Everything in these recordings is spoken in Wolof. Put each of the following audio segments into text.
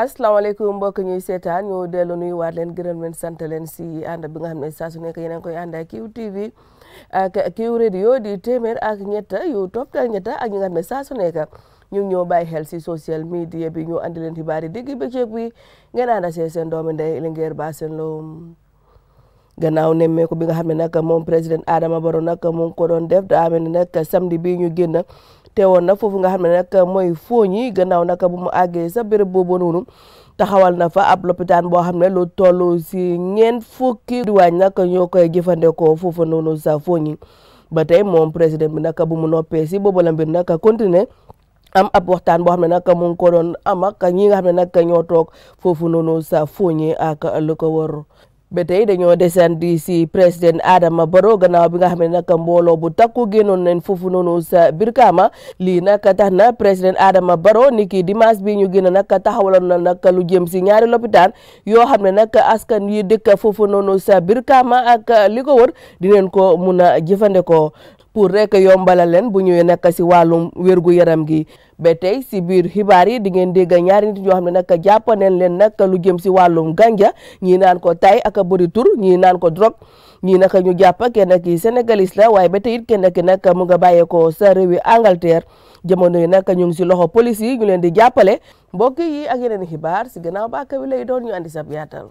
asalaamaaleykum mbokk ñuy seetaan ñu dellu nuyuwaat leen gërëm leen sant leen si ànd bi nga xam ne saa su nekk yéen a ngi koy ànd ak QTV ak Q téeméer ak ñetta yu toppal ñetta ak ñi ne saa su nekk ñu ngi ñoo bàyyi xel si social media bi ñu andi leen xibaari digg bëccëg bi ngeen ànd see seen doomi ndey Linguère Bassène Lo gannaaw nemmeeku bi nga xam ne nag moom président Adama Barrow nag mu ngi ko doon def daa mel ne nag samedi bii ñu génn. teewoon na foofu nga xam ne nag mooy Fogny gannaaw nag bu mu àggee sa béréb boobu noonu taxawal na fa ab lopitaan boo xam ne lu toll si ñeent fukki diwaan nag ñoo koy jëfandikoo foofu noonu sa Fogny ba tey moom président bi nag bu mu noppee si boobu la nag continuer am ab waxtaan boo xam ne nag mu ngi ko doon am ak ñi nga xam ne nag ñoo toog foofu noonu sa Fogny ak lu ko wër ba tey dañoo desandi si président Adama Barrow gannaaw bi nga xam ne nag mbooloo bu takku génnoon nañ foofu noonu sa Brikama lii nag tax na président Adama Barrow ni ki dimanche bi ñu génn nag taxawaloon na nag lu jëm si ñaari lopitaan yoo xam ne nag askan yi dëkk foofu noonu sa Brikama ak li ko wër dinañ ko mun a jëfandikoo pour rek yombala leen bu ñuy nekk si wàllum wérgu yaram gi ba tey si biir xibaar yi di ngeen dégg ñaari nit ñoo xam ne nag jàpp nañ leen nag lu jëm si wàllum ganja ñii naan ko tay ak bëri tur ñii naan ko drogue ñii naka ñu jàpp kenn ki sénégalais la waaye ba tey it kenn ki nag mu nga bàyyeekoo sa réewi Angleterre jamono yi nag ñu ngi si loxo police yi ñu leen di jàppale mbokk yi ak yeneen xibaar si gannaaw ba ak wi lay doon ñu andi sab yaatal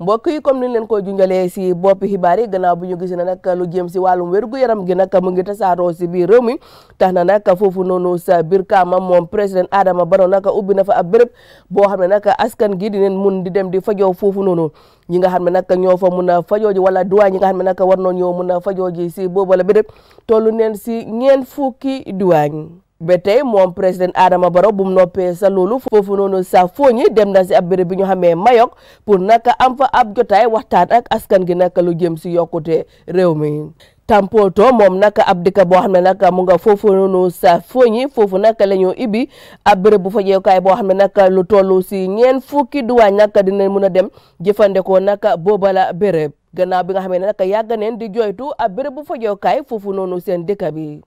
mbokk yi comme ni leen ko junjalee si boppi xibaar yi gannaaw bu ñu gis ne nag lu jëm si wàllum wér-gu-yaram gi nag mu ngi tasaaroo si biir réew mi tax na nag foofu noonu sa biir kaama moom président Adama Barrow nag ubbi na fa ab béréb boo xam ne nag askan gi di dinañ mun di dem di fajoo foofu noonu ñi nga xam ne nag ñoo fa mun a fajoo ji wala duwaay ñi nga xam ne nag war noon ñoo mun a fajoo ji si boobu la béréb tollu neen si ñeen fukki duwaañ ba tey moom président Adama Barrow bu mu noppee sa loolu foofu noonu sa fooñi dem na si ab béréb bi ñu xamee Mayok pour naka am fa ab jotaay waxtaan ak askan gi naka lu jëm si yokkute réew mi. Tampoto moom naka ab dëkk boo xam ne naka mu nga foofu noonu sa fooñi foofu naka la ñu ibbi ab béréb bu fajeekaay boo xam ne naka lu toll si ñeen fukki duwaañ naka dina mun a dem jëfandikoo naka booba la béréb gannaaw bi nga xam ne naka yàgg neen di joytu ab béréb bu fajeekaay foofu noonu seen dëkk bi.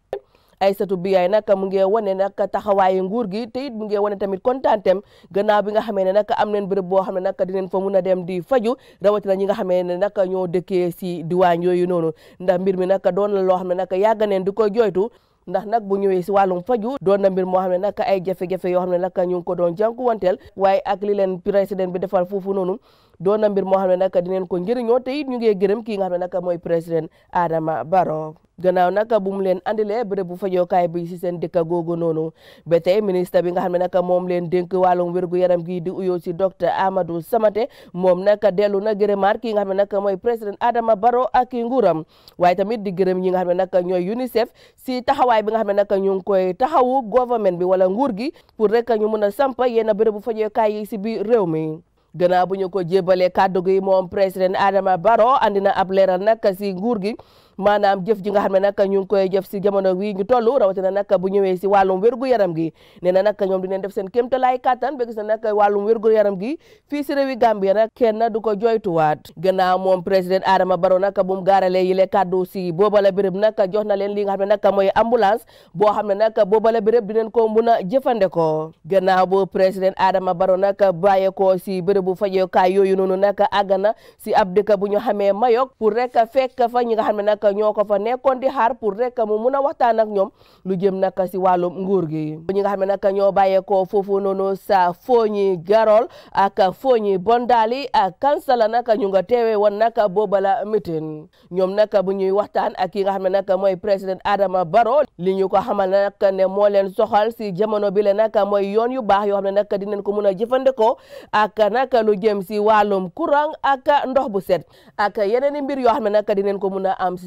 ay Aysatu Biyaay nag mu ngi wane nag taxawaayu nguur gi tey it mu ngi wane tamit kontaanteem gannaaw bi nga xamee ne nag am nen bërëb boo xam ne nag dinañ fa mun a dem di faju rawatina ñi nga xamee ne nag ñoo dëkkee si diwaan yooyu noonu ndax mbir mi nag doon la loo xam ne nag yàgg neen di ko jooytu ndax nag bu ñëwee si wàllum faju doon na mbir moo xam ne nag ay jafe-jafe yoo xam ne nag ñu ngi ko doon jànkuwanteel waaye ak li leen président bi defal foofu noonu doon na mbir moo xam ne nag dinañ ko njëriñoo te it ñu ngi gërëm kii nga xam ne nag mooy président Adama Barrow. gannaaw nag bu mu leen andilee bërëb bu fajokaay bi si seen dëkk googu noonu ba tey ministre bi nga xam ne nag moom leen dénk wàllum wérgu yaram gi di uyoo si docteur Amadou Samate moom nag dellu na gërëmaar ki nga xam ne nag mooy président Adama baro ak nguuram waaye tamit di gërëm ñi nga xam ne nag ñooy UNICEF si taxawaay bi nga xam ne nag ñu ngi koy taxawu gouvernement bi wala nguur gi pour rek ñu mun a samp yenn bërëb bu fajokaay yi si biir réew mi. gannaaw bu ñu ko jébalee kàddu gi moom président Adama Barrow andi na ab leeral nag si nguur gi maanaam jëf ji nga xam ne nag ñu ngi koy jëf si jamono wi ñu toll rawatina nag bu ñëwee si wàllum wérgu yaram gi nee na nag ñoom dinañ def seen kéemtalaay kàttan ba gis na nag wàllum wérgu yaram gi fii si réewi Gambia nag kenn du ko joytuwaat gannaaw moom président Adama Barrow nag bu mu gaaralee yile kàddu si booba la na leen li nga xam ne nag mooy ambulance boo xam ne nag booba la béréb dinañ ko mun a jëfandikoo gannaaw bu président Adama Barrow nag bàyyeekoo si bérébu fajokaay yooyu noonu nag àgg na si ab dëkk bu ñu ñoo ko fa nekkoon di xaar pour rek mu mun a waxtaan ak ñoom lu jëm nag si wàllum nguur gi. ñi nga xam ne nag ñoo bàyyeekoo foofu noonu sa Foni Garol ak Foni Bondali ak Kansala nag ñu nga teewee woon nag booba la meeting ñoom nag bu ñuy waxtaan ak ki nga xam ne nag mooy président Adama Barrow li ñu ko xamal nag ne moo leen soxal si jamono bi la nag mooy yoon yu baax yoo xam ne nag dinañ ko mun a jëfandikoo ak nag lu si wàllum courant ak ndox bu set ak yeneen i mbir yoo xam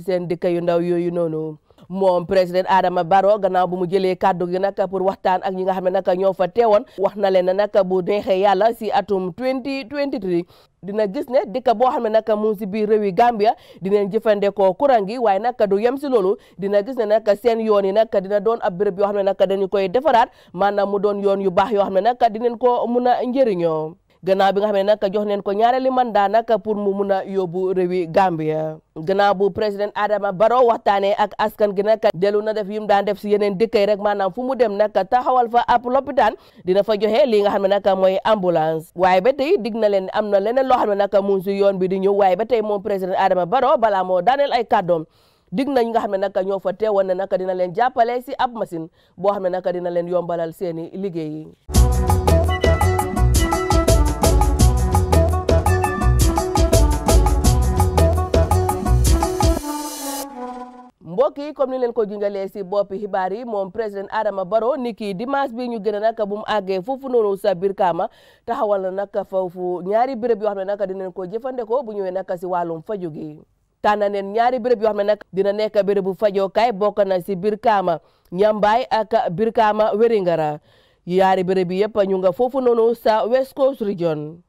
seen dëkk yu ndaw yooyu noonu moom président Adama Barrow gannaaw bu mu jëlee kàddu gi nag pour waxtaan ak ñi nga xam ne nag ñoo fa teewoon wax na leen nag bu neexee yàlla si atum 2023 dina gis ne dëkk boo xam ne nag mu ngi si biir réewi Gambia dinañ jëfandikoo courant gi waaye nag du yem si loolu dina gis ne nag seen yoon yi nag dina doon a béréb yoo xam ne nag dañu koy defaraat maanaam mu doon yoon yu baax yoo xam ne nag dinañ ko mun a njëriñoo. gannaaw bi nga xam ne nag jox neen ko ñaareeli mandat nag pour mu mun a yóbbu réewi Gambia gannaaw bu président Adama Barrow waxtaanee ak askan gi nag dellu na def yim daan def si yeneen dëkk yi rek maanaam fu mu dem nag taxawal fa ab lopitaan dina fa joxe li nga xam ne nag mooy ambulance waaye ba tey dig na leen am na leneen loo xam ne nag mu ngi si yoon bi di ñëw ba tey moom président Adama Barrow balaa moo daaneel ay kàddoom dig na ñi nga xam ne nag ñoo fa teewoon ne na dina leen jàppale si ab machine boo xam ne nag dina leen yombalal seeni liggéey mbokk yi comme ni leen ko jungalee si boppi xibaar yi moom président Adama Barrow ni kii dimanche bi ñu gën a nag bu mu àggee foofu noonu sa biir kaama taxawal na nag foofu ñaari béréb yoo xam ne nag dinañ ko jëfandikoo bu ñëwee nag si wàllum faju gi tànn neen ñaari béréb yoo xam ne nag dina nekk bérébu fajookaay bokk na si Brikama Nyambay ak Brikama Wéringara ñaari béréb yi yëpp ñu nga foofu noonu sa West Coast Region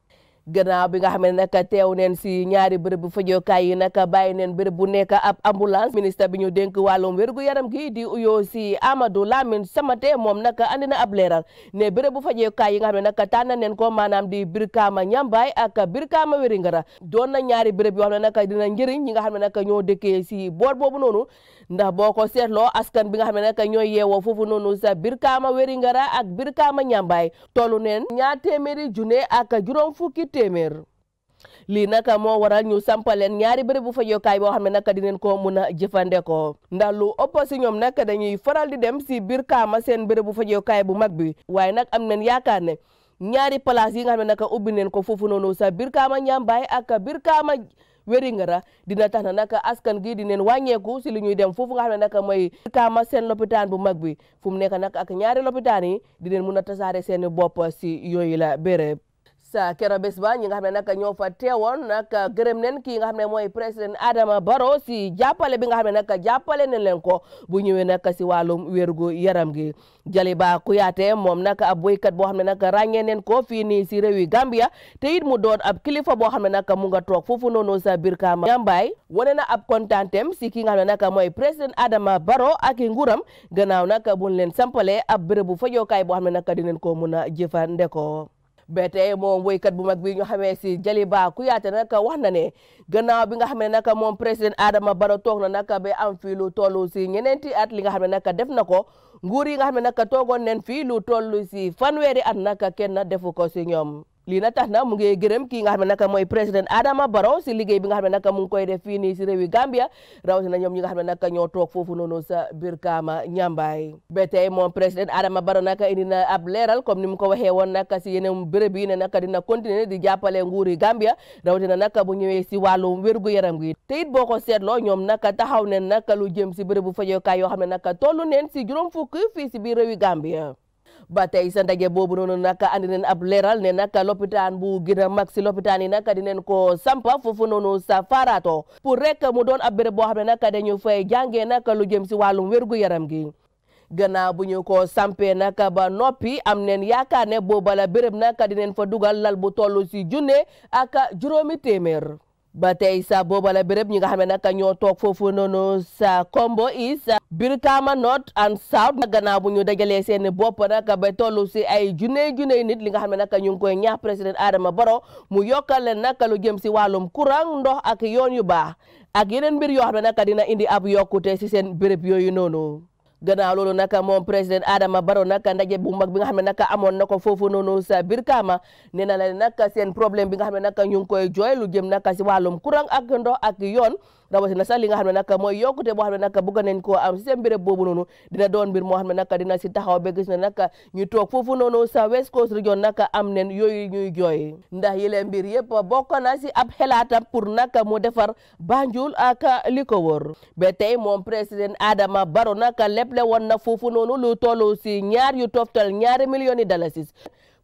gannaaw bi nga xam ne nag teew neen si ñaari bërëb bu fajokaay yi nag bàyyi neen bërëb bu nekk ab ambulance ministre bi ñu dénk wàllum wérgu yaram gi di uyoo si Amadou Lamine Samate moom nag andi na ab leeral ne bërëb bu fajokaay yi nga xam ne nag tànn neen ko maanaam di Brikama Ñambaay ak Brikama Wéringara doon na ñaari bërëb yoo xam ne nag dina njëriñ ñi nga xam ne nag ñoo dëkkee si boor boobu noonu ndax boo ko seetloo askan bi nga xam ne nag ñooy yeewoo foofu noonu sa Brikama Wéringara ak Brikama Ñambaay tollu neen ñaar téeméeri junne téeméer lii nag moo waral ñu sampaleen ñaari bérébu fajokaay boo xam ne nag dinañ ko mun a jëfandikoo ndax lu ëpp si ñoom nag dañuy faral di dem si biir kaama seen bérébu fajokaay bu mag bi waaye nag am nañ yaakaar ne ñaari place yi nga xam ne nag ubbi nañ ko foofu noonu sa biir kaama ñambaay ak biir kaama wéringara dina tax na nag askan gi dinañ wàññeeku si lu ñuy dem foofu nga xam ne nag mooy kama sen lopitaan bu mag bi fu mu nekk nag ak ñaari lopitaan yi dinañ mun a tasaare seen bopp si yooyu la sa kera bés ba ñi nga xam ne nag ñoo fa teewoon nag gërëm nen kii nga xam ne mooy président Adama Barrow si jàppale bi nga xam ne nag jàppale nañ leen ko bu ñëwee nag si wàllum wérgu yaram gi Jaliba Kuyate moom nag ab béykat boo xam ne nag ràññee nen ko fii nii si réewi Gambia te it mu doon ab kilifa boo xam ne nag mu nga toog foofu noonu sa biir ma Ñambaay wane na ab kontaanteem si ki nga xam ne nag mooy président Adama baro ak i nguuram gannaaw nag buñ leen sampalee ab bérébu fajookaay boo xam ne nag dinañ ko mun a jëfandikoo ba tey moom woykat bu mag bi xamee si Jaliba Kuyateh nag wax na ne gannaaw bi nga xam ne nag moom président Adama Barrow toog na nag ba am fii lu toll si ñeneenti at li nga xam ne nag def na ko nguur yi nga xam ne nag toogoon nen fii lu toll si fanweeri at nag kenn defu ko si ñoom. lii na tax na mu ngi gërëm kii nga xam ne naka mooy président Adama Barrow si liggéey bi nga xam ne naka mu ngi koy def fii nii si réewi Gambia rawatina ñoom ñi nga xam ne naka ñoo toog foofu noonu sa biir kaama ñambaay ba tey moom président Adama Barrow naka indi na ab leeral comme ni mu ko waxee woon naka si yeneen béréb yi ne naka dina continuer di jàppale nguuri Gambia rawatina naka bu ñëwee si wàllu wérgu yaram gi te it boo ko seetloo ñoom naka taxaw ne naka lu jëm si bérébu fajokaay yoo xam ne naka toll neen si juróom fukk fii si biir réewi Gambia ba tey sa ndaje boobu noonu nag andi neen ab leeral ne nag lopitaan bu gën a mag si lopitaan yi nag dinañ ko sampa foofu noonu sa faaraato pour rek mu doon ab béréb boo xam ne nag dañu fay jàngee nag lu jëm si wàllum wérgu yaram gi gannaaw bu ñu ko sampee nag ba noppi am neen yaakaar ne booba la béréb nag dinañ fa dugal lal bu toll si junne ak juróomi téeméer ba tey sa booba la béréb ñi nga xam ne nag ñoo toog foofu noonu sa combo is Brikama North and South gannaaw bu ñu dajalee seen bopp nag ba toll si ay junne junne nit li nga xam ne nag ñu ngi koy ñaax président Adama Barrow mu yokkal na nag lu jëm si wàllum courant ndox ak yoon yu baax ak yeneen mbir yoo xam ne nag dina indi ab yokkute si seen béréb yooyu noonu. gannaaw loolu nag moom président Adama baro nag ndaje bu mag bi nga xam ne nag amoon nako ko foofu noonu sa Brikama nee na la nag seen problème bi nga xam ne nag ñu ngi koy jooy lu jëm nag si wàllum courant ak ndox ak yoon. rawatina sax li nga xam ne nag mooy yokkute boo xam ne nag bëgg nañ koo am si seen béréb boobu noonu dina doon mbir moo xam ne nag dina si taxaw ba gis ne nag ñu toog foofu noonu sa West Coast region nag am nen yooyu ñuy jooy ndax yile mbir yëpp bokk na si ab xelaatam pour nag mu defar Banjul ak li ko wër ba tey moom président Adama Barrow nag leble woon na foofu noonu lu tollu si ñaar yu toftal ñaari millions yi dalasis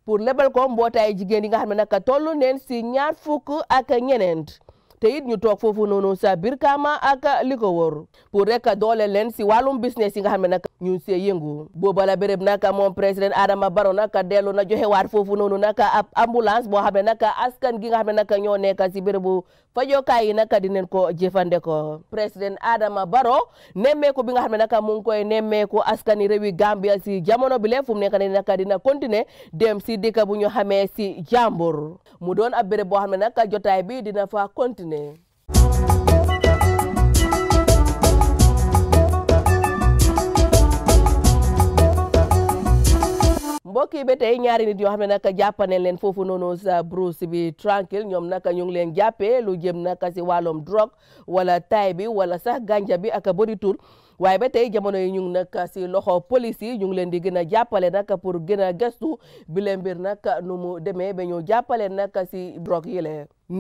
pour lebal ko mbootaay jigéen yi nga xam ne nag tollu neen si ñaar fukk ak ñeneent te it ñu toog foofu noonu sa biir kaama ak li ko wóor pour rek doole leen si wàllum business yi nga xam ne nag ñu ngi see yëngu booba la béréb nag moom président Adama Barrow nag dellu na joxe waat foofu noonu nag ab ambulance boo xam ne nag askan gi nga xam ne nag ñoo nekk si bérébu fajokaay yi nag dinañ ko jëfandikoo président Adama Barrow nemmeeku bi nga xam ne nag mu ngi koy nemmeeku askani réewi Gambia si jamono bi le fu mu nekk nii nag dina continuer dem si dëkk bu ñu xamee si jàmbur mu doon ab béréb boo xam ne nag jotaay bi dina fa continuer ne. mbokk yi ba tey ñaari nit yoo xam ne nag jàppane leen foofu noonu sa brousse bi tranquille ñoom nag ñu ngi leen jàppee lu jëm nag si wàllum drogue wala taay bi wala sax ganja bi ak body tour waaye ba tey jamono yi ñung ngi nag si loxo police yi ñu ngi leen di gën a jàppale nag pour gën a gëstu bi leen mbir nag nu mu demee ba ñu jàppale nag si drogue yi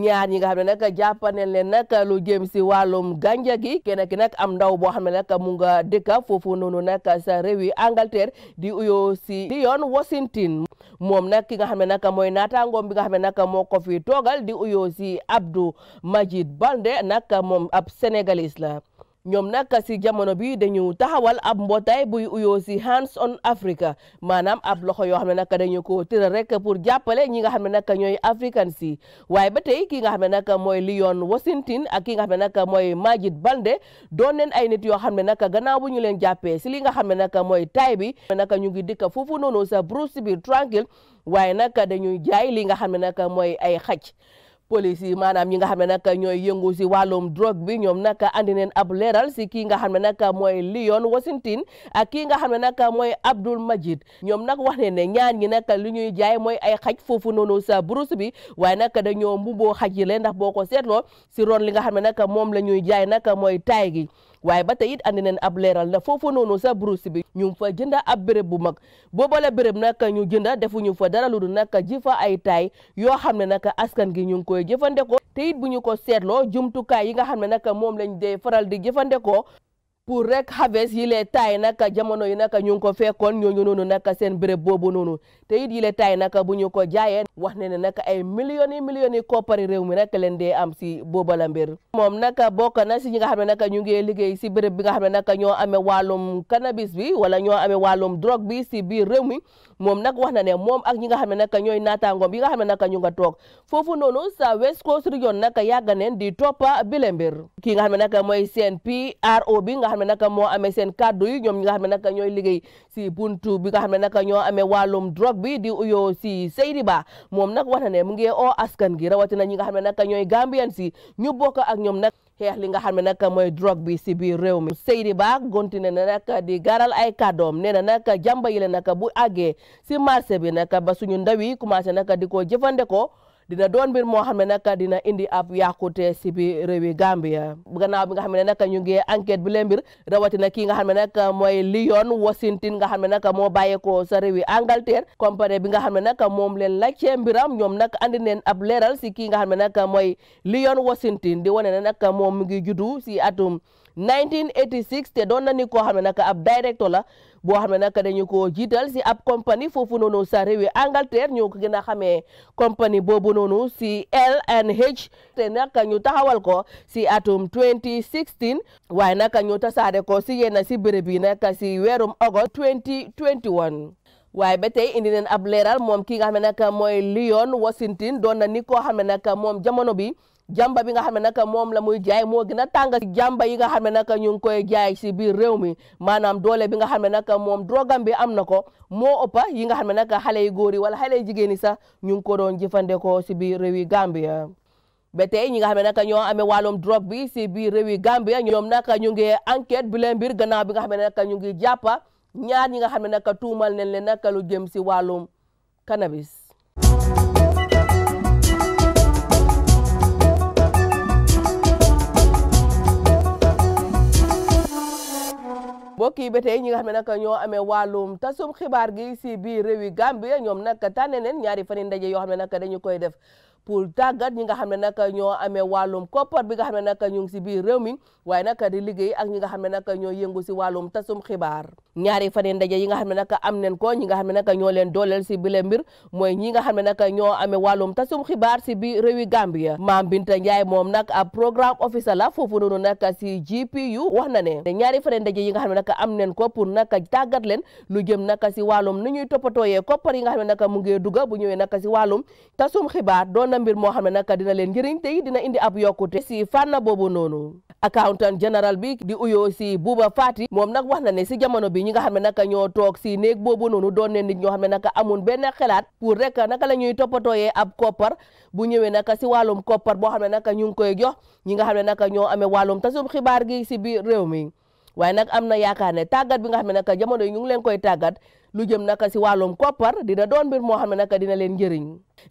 ñaar ñi nga xam ne nag jàppaneen leen nag lu jëm si wàllum ganja gi kenn ki nag am ndaw boo xam ne nag mu nga dëkka foofu noonu nag réew yi Angleterre di uyoo si di yoon Washington moom nag ki nga xam ne nag mooy naataangoom bi nga xam ne nag moo ko fi toogal di uyoo si Abdou Majid Baldé nag moom ab sénégalais la ñoom nag si jamono bi dañu taxawal ab mbootaay buy uyoo si Hands on Africa maanaam ab loxo yoo xam ne nag dañu ko tëral rek pour jàppale ñi nga xam ne nag ñooy african si waaye ba tey ki nga xam ne nag mooy Leon Washington ak ki nga xam ne nag mooy Majid Balde doon neen ay nit yoo xam ne nag gannaaw bu ñu leen jàppee si li nga xam ne nag mooy taay bi nag ñu ngi dikk foofu noonu sa Bruce bi tranquille waaye nag dañuy jaay li nga xam ne nag mooy ay xaj police yi maanaam ñi nga xam ne nag ñooy yëngu si wàllum drogue bi ñoom nag andi neen ab leeral si kii nga xam ne nag mooy Leon Washington ak kii nga xam ne nag mooy Abdul Majid ñoom nag wax ne ne ñaan ñi nag li ñuy jaay mooy ay xaj foofu noonu sa brousse bi waaye nag dañoo mbubboo xaj yi le ndax boo ko seetloo si ron li nga xam ne nag moom la ñuy jaay nag mooy taay gi waaye ba te it andi nañ ab leeral na foofu noonu sa brousse bi ñu fa jënda ab béréb bu mag boobale béréb nag ñu jënda defuñu fa dara lu dul nag ji fa ay taay yoo xam ne nag askan gi ñu ngi koy jëfandikoo te it bu ñu ko seetloo jumtukaay yi nga xam ne nag moom lañ dee faral di jëfandikoo pour rek harvest yi le taay naka jamono yi naka ñu ngi ko fekkoon ñooñu noonu naka seen béréb boobu noonu te it yi le taay naka bu ñu ko jaayee wax ne ne naka ay millions yi millions yi réew mi rek leen dee si booba la mbir naka bokk na si ñi nga xam ne ñu ngi liggéey si béréb bi nga xam ne naka ñoo amee wàllum cannabis bi wala ñoo amee wàllum drogue bi si biir réew mi moom nag wax na ne moom ak ñi nga xam ne naka ñooy naataangoom yi nga xam ne naka ñu nga toog foofu noonu sa West Coast Region naka yàgg neen di toppa bile mbir ki nga xam naka mooy seen PRO nga xam ne nag moo amee seen kàddu yi ñoom ñi xam ne nag ñooy liggéey si buntu bi nga xam ne nag ñoo amee wàllum drogue bi di uyoo si Seydiba moom nag wax ne mu ngi oo askan gi rawatina ñi nga xam ne nag ñooy Gambian si ñu bokk ak ñoom nag xeex li nga xam ne nag mooy drogue bi si biir réew mi Seydiba continué na nag di garal ay kàddoom nee na nag jàmba yi la nag bu àggee si marché bi nag ba suñu ndaw yi commencé nag di ko jëfandikoo dina doon mbir moo xam ne nag dina indi ab yàqute si bi réewi Gambia gannaaw bi nga xam ne nag ñu ngi enquête bi leen mbir rawatina kii nga xam ne nag mooy Leon Washington nga xam ne nag moo bàyyeekoo sa réewi Angleterre compagnie bi nga xam ne nag moom leen laajte mbiram ñoom nag andi neen ab leeral si kii nga xam ne nag mooy Leon Washington di wane ne nag moom mu ngi juddu si atum. 1986 te doon na ni koo xam ne naka ab directeur la boo xam ne naka dañu ko jiital si ab compagnie foofu noonu sa réewi Angleterre ñoo ko gën a xamee compagnie boobu noonu si L&H te naka ñu taxawal ko si atum 2016 waaye naka ñu tasaare ko si yenn si béréb yi naka si weerum agost 2021. waaye ba tey indi neen ab leeral moom ki nga xam ne nag mooy Leon Washington doon na ni koo xam ne nag moom jamono bi jàmba bi nga xam ne nag moom la muy jaay moo gën a tàng si jàmba yi nga xam ne nag ñu ngi koy jaay si biir réew mi maanaam doole bi nga xam nag moom drogam bi am na ko moo ëppa yi nga xam ne nag xale yu góor yi wala xale yu jigéen yi sax ñu ngi ko doon jëfandikoo si biir réew yi Gambia ba tey ñi nga xam ne nag amee wàllum drogue bi si biir réew yi Gambia ñoom nag ñu ngi enquête bi leen mbir gannaaw bi nga xam ne nag ñu ngi jàppa ñaar ñi nga xam ne nag tuumal nañ leen nag jëm si wàllum cannabis mbokk yi ba tey ñi nga xam ne nag ñoo amee wàllum tasum xibaar gi si biir réewi Gambia ñoom nag tànne neen ñaari fani ndaje yoo xam ne nag dañu koy def pour tàggat ñi nga xam ne nag ñoo amee wàllum koppar bi nga xam ne nag ñu ngi si biir réew mi waaye nag di liggéey ak ñi nga xam ne nag ñoo yëngu si wàllum tasum xibaar ñaari fan yi ndaje yi nga xam ne nag am nañ ko ñi nga xam ne nag ñoo leen dooleel si bile mbir mooy ñi nga xam ne nag ñoo amee wàllum tasum xibaar si bi réewi Gambia Maam Binta Njaay moom nag programme officer la foofu noonu nag si GPU wax na ne ñaari fan yi ndaje yi nga xam ne nag am nañ ko pour nag tàggat leen lu nag si wàllum ni ñuy toppatooyee koppar yi nga xam ne nag mu ngi dugga bu ñëwee nag si wàllum tasum xibaar doon na mbir moo xam ne nag dina leen njëriñ te dina indi ab yokkute si fànn boobu noonu général bi di uyoo si Buuba Faati moom nag wax na si jamono bi yi ñi nga xam ne naka ñoo toog si néeg boobu noonu doon ne nit ñoo xam ne naka amun benn xelaat pour rek naka la ñuy toppatooyee ab koppar bu ñëwee naka si wàllum koppar boo xam ne naka ñu ngi koy jox ñi nga xam ne naka ñoo amee wàllum tasum xibaar gi si biir réew mi waaye nag am na yaakaar ne tàggat bi nga xam ne naka jamono yi ñu ngi leen koy tàggat lu jëm naka si wàllum koppar dina doon mbir moo xam ne naka dina leen njëriñ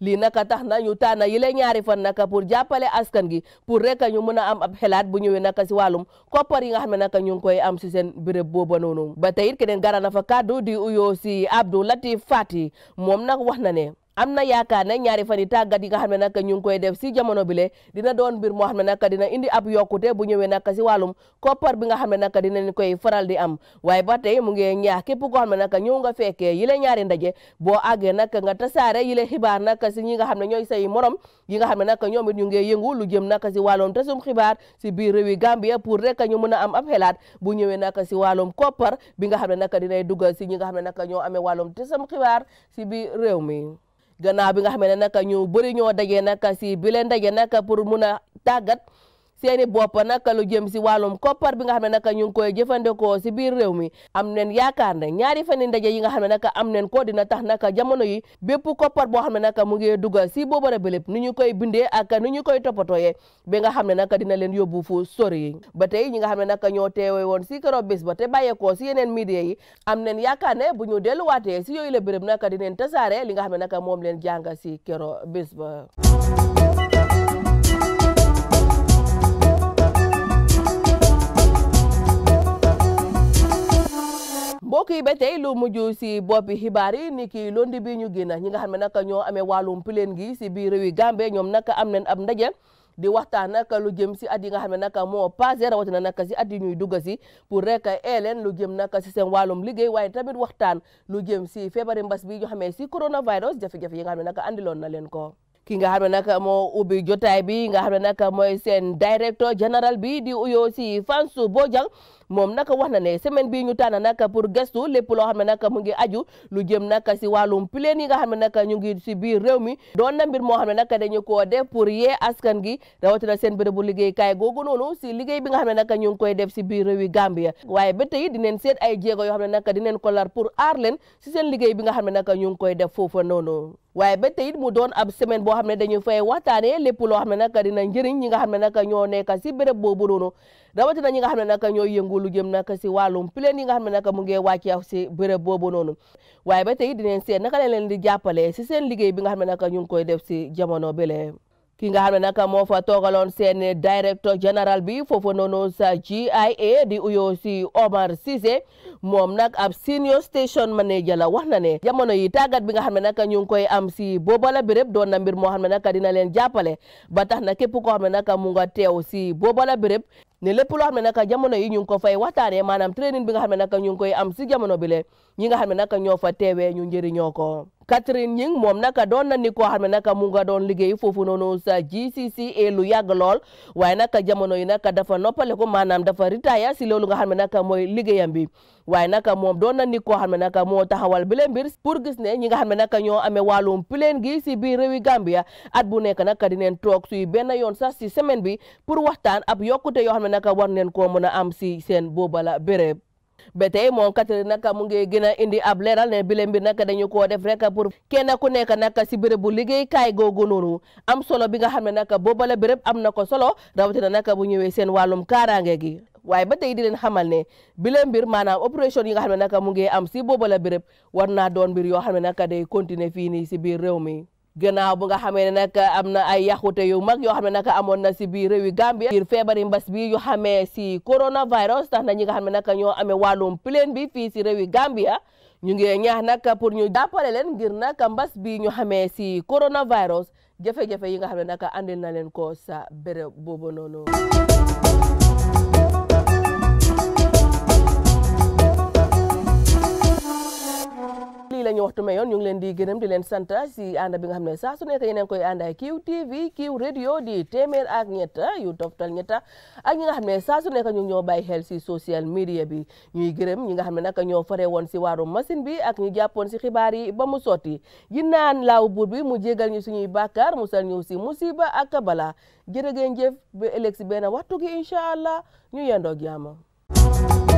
lii naka tax na ñu tànn yi la ñaari fan naka pour jàppale askan gi pour rek ñu mën a am ab bu ñëwee naka si wàllum koppar yi nga xam ne naka ñu ngi koy am si seen béréb booba noonu ba tey it keneen gara na fa kàddu di uyoo si Abdou Latif Fati moom nag wax na ne am na yaakaar ne ñaari fan yi tàggat yi nga xam ne nag ñu ngi koy def si jamono bi dina doon bir moo xam ne nag dina indi ab yokkute bu ñëwee nag si wàllum koppar bi nga nag dinañ koy faral di am waaye ba tey mu ngi ñaax képp koo xam ne nag ñëw nga fekkee yile ñaari ndaje boo àggee nag nga tasaare yile xibaar nag si ñi nga xam ne ñooy say morom yi nga xam ne nag ñoom it ñu ngi yëngu lu jëm nag si wàllum tasum xibaar si biir réewi Gambia pour rek ñu mën a am ab xelaat bu ñëwee nag si wàllum koppar bi nga xam ne nag dinay dugal si ñi nga xam ne nag ñoo amee wàllum tasum xibaar si biir réew mi gannaaw bi nga xam ne nag ñu bëri ñoo dajee nag si bi leen daje nag pour mun a tàggat seeni bopp nag lu jëm si wàllum koppar bi nga xam ne nag ñu ngi koy jëfandikoo si biir réew mi am neen yaakaar ne ñaari fani ndaje yi nga xam ne nag am neen ko dina tax nag jamono yi bépp koppar boo xam ne nag mu ngi dugal si boobara béléb ni ñu koy bindee ak ni ñu koy toppatooyee bi nga xam ne nag dina leen yóbbu fu sori yi ba tey ñi nga xam ne nag ñoo teewe woon si keroog bis ba te bàyyeekoo si yeneen média yi am neen yaakaar ne bu ñu delluwaatee si yooyu le béréb nag dineen tasaare li nga xam ne nag moom leen jàng si keroog bis ba mbokk yi ba tey lu mujj si boppi xibaar yi ni ki londi bi ñu génn ñi nga xam ne nag ñoo amee wàllum pileen gi si biir réew yi Gambie ñoom nag am nañ ab ndaje di waxtaan nag lu jëm si at yi nga xam ne nag moo passé rawatina nag si at yi ñuy dugg si pour rek eeleen lu jëm nag si seen wàllum liggéey waaye tamit waxtaan lu jëm si feebari mbas bi ñu xamee si coronavirus jafe-jafe yi nga xam ne nag andiloon na leen ko. ki nga xam ne nag moo ubbi jotaay bi nga xam ne nag mooy seen directeur général bi di uyoo si Fansou Bojang moom naka wax na ne semaine bii ñu tànn nag pour gëstu lépp loo xam ne nag mu ngi aju lu jëm nag si wàllum pileen yi nga xam ne nag ñu ngi si biir réew mi doon na mbir moo xam ne nag dañu koo def pour yee askan gi rawatina seen bérébu liggéeykaay googu noonu si liggéey bi nga xam ne nag ñu ngi koy def si biir réew yi Gambia waaye ba tey dineen seet ay jéego yoo xam ne nag dineen ko lar pour aar leen si seen liggéey bi nga xam ne nag ñu ngi koy def foofa noonu waaye ba tey it mu doon ab semaine boo xam ne dañu fay waxtaanee lépp loo xam ne nag dina njëriñ ñi nga xam ne nag ñoo nekk si béréb boobu noonu rawatina ñi nga xam ne nag ñoo yëngul lu jëm naka si wàllum plane yi nga xam ne naka mu ngi wàcc si béréb boobu noonu waaye ba tey dinañ seet naka la leen di jàppale si seen liggéey bi nga xam ne naka ñu ngi koy def si jamono bi lee ki nga xam ne nag moo fa toogaloon seen directeur général bi foofu noonu sa GIA di uyoo si Omar Cissé moom nag ab senior station manager la wax na ne jamono yi tàggat binga nga xam ne nag ñu ngi koy am si boobala béréb doon na mbir moo xam ne nag dina leen jàppale ba tax na képp koo xam ne nag mu nga teew si boobala béréb ne loo xam ne jamono yi ñu ngi ko fay waxtaanee maanaam training bi nga xam ne nag ñu ngi koy am si jamono bi le ñi nga xam ne nag ñoo fa teewee ñu njëriñoo ko. Catherine Nying moom naka doon na ni koo xam ne naka mu nga doon liggéey foofu noonu sa si lu yàgg lool waaye naka jamono yi naka dafa noppale ko maanaam dafa ritaya si loolu nga xam ne naka mooy liggéeyam bi waaye naka moom doon na ni koo xam ne naka moo taxawal bile mbir pour gis ne ñi nga xam ne naka ñoo amee wàllum plaine gi si biir réewi Gambia at bu nekk naka dineen toog suy benn yoon sax si semaine bi pour waxtaan ab yokkute yoo xam ne naka war neen koo mën a am si seen boobala béréb ba tey moom Catherine nag mu ngi gën a indi ab leeral ne bile mbir nag dañu koo def rek pour kenn ku nekk nag si béréb bu liggéeykaay googu noonu am solo bi nga xam ne nag boobale béréb am na ko solo rawatina nag bu ñëwee seen wàllum kaaraange gi. waaye ba tey di xamal ne bile mbir maanaam opération yi nga xam ne nag mu ngi am si boobale béréb war naa doon mbir yoo xam ne nag day continuer fii nii si biir réew mi. gannaaw bu nga xamee ne nag am na ay yàqute yu mag yoo xam ne nag amoon na si biir réewi Gambia ngir feebari mbas bi yu xamee si coronavirus tax na ñi nga xam ne nag ñoo amee wàllum plaine bi fii si réewi Gambia ñu ngi ñaax nag pour ñu jàppale leen ngir nag mbas bi ñu xamee si coronavirus jafe-jafe yi nga xam ne nag andil na leen ko sa béréb boobu noonu. suñu waxtu mayoon ñu ngi leen di gërëm di leen sant si ànd bi nga xam ne saa su nekk yeneen koy ànd ak QTV Q radio di téeméer ak ñett yu toftal ñett ak ñi nga xam ne saa su nekk ñu ñoo bàyyi xel si social media bi ñuy gërëm ñi nga xam ne nag ñoo woon si waaru machine bi ak ñu jàppoon si xibaar yi ba mu sotti ginnaan laaw buur bi mu jégal ñu suñuy bàkkaar musal ñu si musiba ak bala jërëgeen jëf ba ëllëg si benn waxtu gi incha allah ñu yendoo jàmm